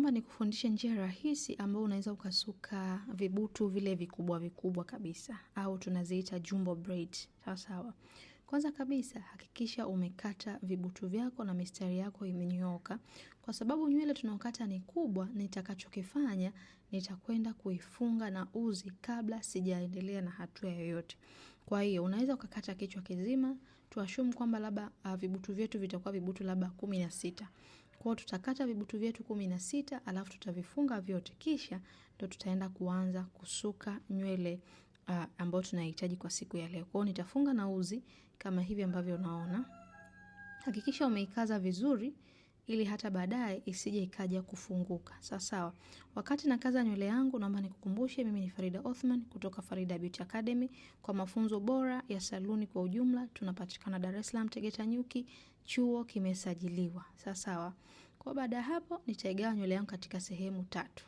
naomba nikufundishe njia rahisi ambayo unaweza ukasuka vibutu vile vikubwa vikubwa kabisa au tunaziita jumbo braid. Sawa sawa. Kwanza kabisa hakikisha umekata vibutu vyako na mistari yako imenyooka. Kwa sababu nywele tunaokata ni kubwa, nitakachokifanya nitakwenda kuifunga na uzi kabla sijaendelea na hatua yoyote. Kwa hiyo unaweza ukakata kichwa kizima tuashumu kwamba labda ah, vibutu vyetu vitakuwa vibutu labda kumi na sita. Kwao tutakata vibutu vyetu kumi na sita alafu tutavifunga vyote, kisha ndo tutaenda kuanza kusuka nywele uh, ambayo tunahitaji kwa siku ya leo. Kwao nitafunga na uzi kama hivi ambavyo unaona. Hakikisha umeikaza vizuri ili hata baadaye isije ikaja kufunguka. Sawa sawa. Wakati nakaza nywele yangu, naomba nikukumbushe, mimi ni Farida Othman kutoka Farida Beauty Academy. Kwa mafunzo bora ya saluni kwa ujumla, tunapatikana Dar es Salaam, Tegeta Nyuki chuo kimesajiliwa sawa sawa. Kwa baada ya hapo, nitaigawa nywele yangu katika sehemu tatu.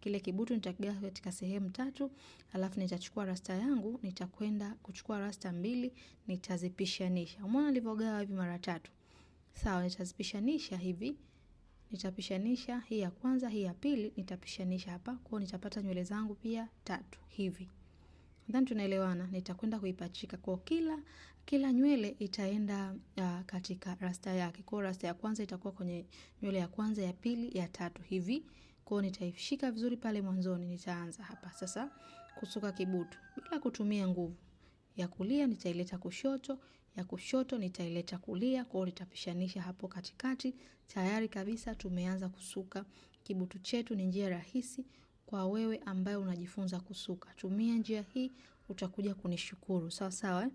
Kile kibutu nitaigawa katika sehemu tatu, alafu nitachukua rasta yangu, nitakwenda kuchukua rasta mbili, nitazipishanisha. Umeona nilivyogawa hivi mara tatu, sawa. Nitazipishanisha hivi, nitapishanisha hii ya kwanza, hii ya pili, nitapishanisha hapa kwao, nitapata nywele zangu pia tatu hivi. Nadhani tunaelewana. Nitakwenda kuipachika kwa kila kila nywele itaenda uh, katika rasta yake. Kwa rasta ya kwanza itakuwa kwenye nywele ya kwanza, ya pili, ya tatu hivi. Kwa nitaishika vizuri pale mwanzoni. Nitaanza hapa sasa kusuka kibutu bila kutumia nguvu. Ya kulia nitaileta kushoto, ya kushoto nitaileta kulia, kwa nitapishanisha hapo katikati. Tayari kabisa tumeanza kusuka kibutu chetu. Ni njia rahisi kwa wewe ambaye unajifunza kusuka. Tumia njia hii utakuja kunishukuru. Sawa sawa. Eh?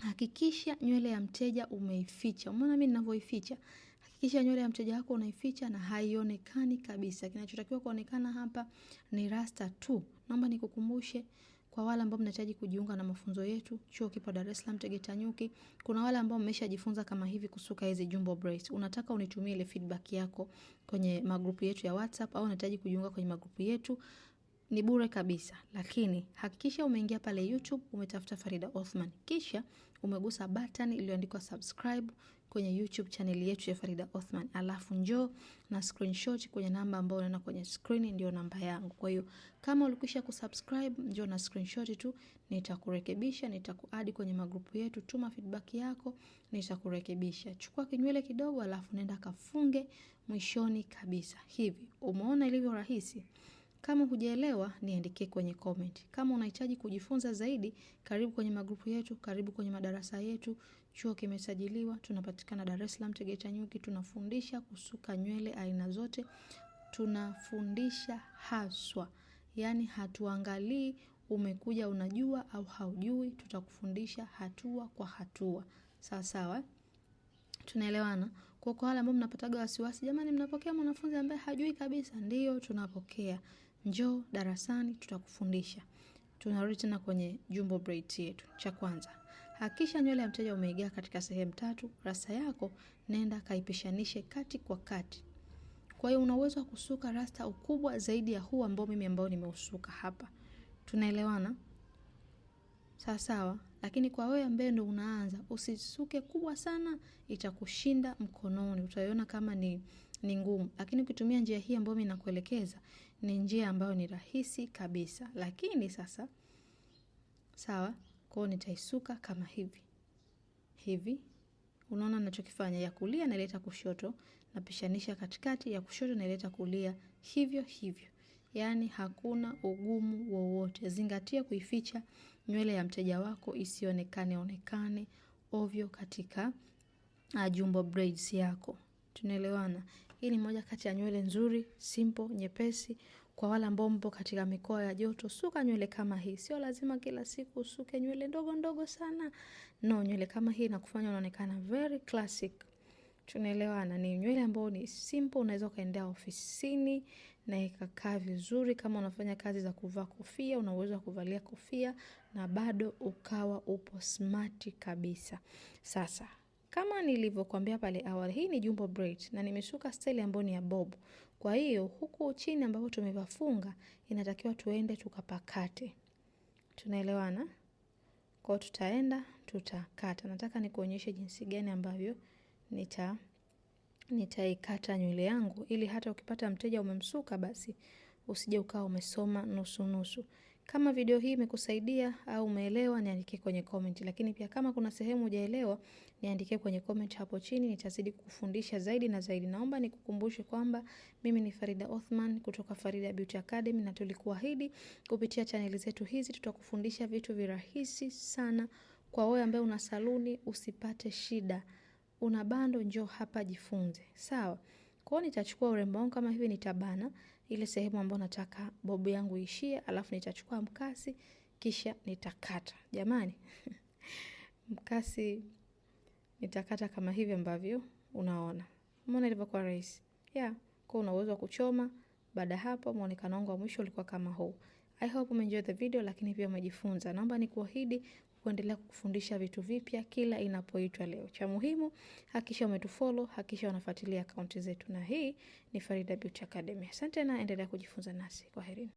Hakikisha nywele ya mteja umeificha. Umeona mimi ninavyoificha? Hakikisha nywele ya mteja wako unaificha na haionekani kabisa. Kinachotakiwa kuonekana hapa ni rasta tu. Naomba nikukumbushe kwa wale ambao mnahitaji kujiunga na mafunzo yetu, chuo kipo Dar es Salaam Tegeta Nyuki. Kuna wale ambao mmeshajifunza kama hivi kusuka hizi jumbo braids. Unataka unitumie ile feedback yako kwenye magrupu yetu ya WhatsApp au unahitaji kujiunga kwenye magrupu yetu ni bure kabisa, lakini hakikisha umeingia pale YouTube umetafuta Farida Othman, kisha umegusa button iliyoandikwa subscribe kwenye YouTube channel yetu ya Farida Othman, alafu njoo na screenshot kwenye namba ambayo unaona kwenye screen, ndio namba yangu. Kwa hiyo kama ulikwisha kusubscribe, njoo na screenshot tu, nitakurekebisha, nitakuadi kwenye magrupu yetu. Tuma feedback yako, nitakurekebisha. Chukua kinywele kidogo, alafu nenda kafunge mwishoni kabisa. Hivi umeona ilivyo rahisi? Kama hujaelewa, niandikie kwenye comment. Kama unahitaji kujifunza zaidi, karibu kwenye magrupu yetu, karibu kwenye madarasa yetu. Chuo kimesajiliwa, tunapatikana Dar es Salaam, Tegeta Nyuki. Tunafundisha kusuka nywele aina zote, tunafundisha haswa, yaani hatuangalii umekuja unajua au haujui, tutakufundisha hatua kwa hatua, sawa sawa. Tunaelewana. Kwa kwa wale ambao mnapataga wasiwasi, jamani, mnapokea mwanafunzi ambaye hajui kabisa? Ndiyo, tunapokea njoo darasani tutakufundisha. Tunarudi tena kwenye jumbo braid yetu. Cha kwanza, hakikisha nywele ya mteja umeigea katika sehemu tatu. Rasta yako nenda kaipishanishe kati kwa kati. Kwa hiyo una uwezo wa kusuka rasta ukubwa zaidi ya huu ambao mimi ambao nimeusuka hapa. Tunaelewana? Sawa sawa. Lakini kwa wewe ambaye ndo unaanza, usisuke kubwa sana, itakushinda mkononi. Utaiona kama ni ni ngumu. Lakini ukitumia njia hii ambayo mimi nakuelekeza, ni njia ambayo ni rahisi kabisa. Lakini sasa sawa, kwao nitaisuka kama hivi hivi. Unaona nachokifanya, ya kulia naileta kushoto, napishanisha katikati, ya kushoto naileta kulia, hivyo hivyo. Yaani hakuna ugumu wowote. Zingatia kuificha nywele ya mteja wako isionekane onekane ovyo katika ah, jumbo braids yako tunaelewana. Hii ni moja kati ya nywele nzuri, simple, nyepesi kwa wale ambao mpo katika mikoa ya joto, suka nywele kama hii. Sio lazima kila siku usuke nywele ndogo ndogo sana. No, nywele kama hii inakufanya unaonekana very classic. Tunaelewana, ni nywele ambayo ni simple, unaweza ukaendea ofisini na ikakaa vizuri. Kama unafanya kazi za kuvaa kofia, una uwezo wa kuvalia kofia na bado ukawa upo smart kabisa. Sasa kama nilivyokuambia pale awali, hii ni jumbo braid na nimeshuka style ambayo ni ya bob. Kwa hiyo huku chini ambapo tumevafunga inatakiwa tuende tukapakate. Tunaelewana? Kwa tutaenda tutakata. Nataka nikuonyeshe jinsi gani ambavyo nita nitaikata nywele yangu ili hata ukipata mteja umemsuka basi usije ukawa umesoma nusu nusu. Kama video hii imekusaidia au umeelewa, niandikie kwenye comment, lakini pia kama kuna sehemu hujaelewa, niandikie kwenye comment hapo chini, nitazidi kukufundisha zaidi na zaidi. Naomba nikukumbushe kwamba mimi ni Farida Othman kutoka Farida Beauty Academy, na tulikuahidi kupitia chaneli zetu hizi tutakufundisha vitu virahisi sana kwa wewe ambaye una saluni, usipate shida. Una bando, njoo hapa jifunze, sawa? Kwa nitachukua urembo wangu kama hivi, nitabana ile sehemu ambayo nataka bobu yangu ishie, alafu nitachukua mkasi kisha nitakata. Jamani, mkasi nitakata kama hivi ambavyo unaona. Umeona ilivyokuwa rahisi? Yeah, kwa una uwezo wa kuchoma. Baada hapo, muonekano wangu wa mwisho ulikuwa kama huu. I hope umeenjoy the video lakini pia umejifunza. Naomba ni kuahidi kuendelea kukufundisha vitu vipya kila inapoitwa leo. Cha muhimu hakisha umetufollow, hakisha unafuatilia akaunti zetu, na hii ni Farida Beauty Academy. Asante na endelea kujifunza nasi. Kwaherini.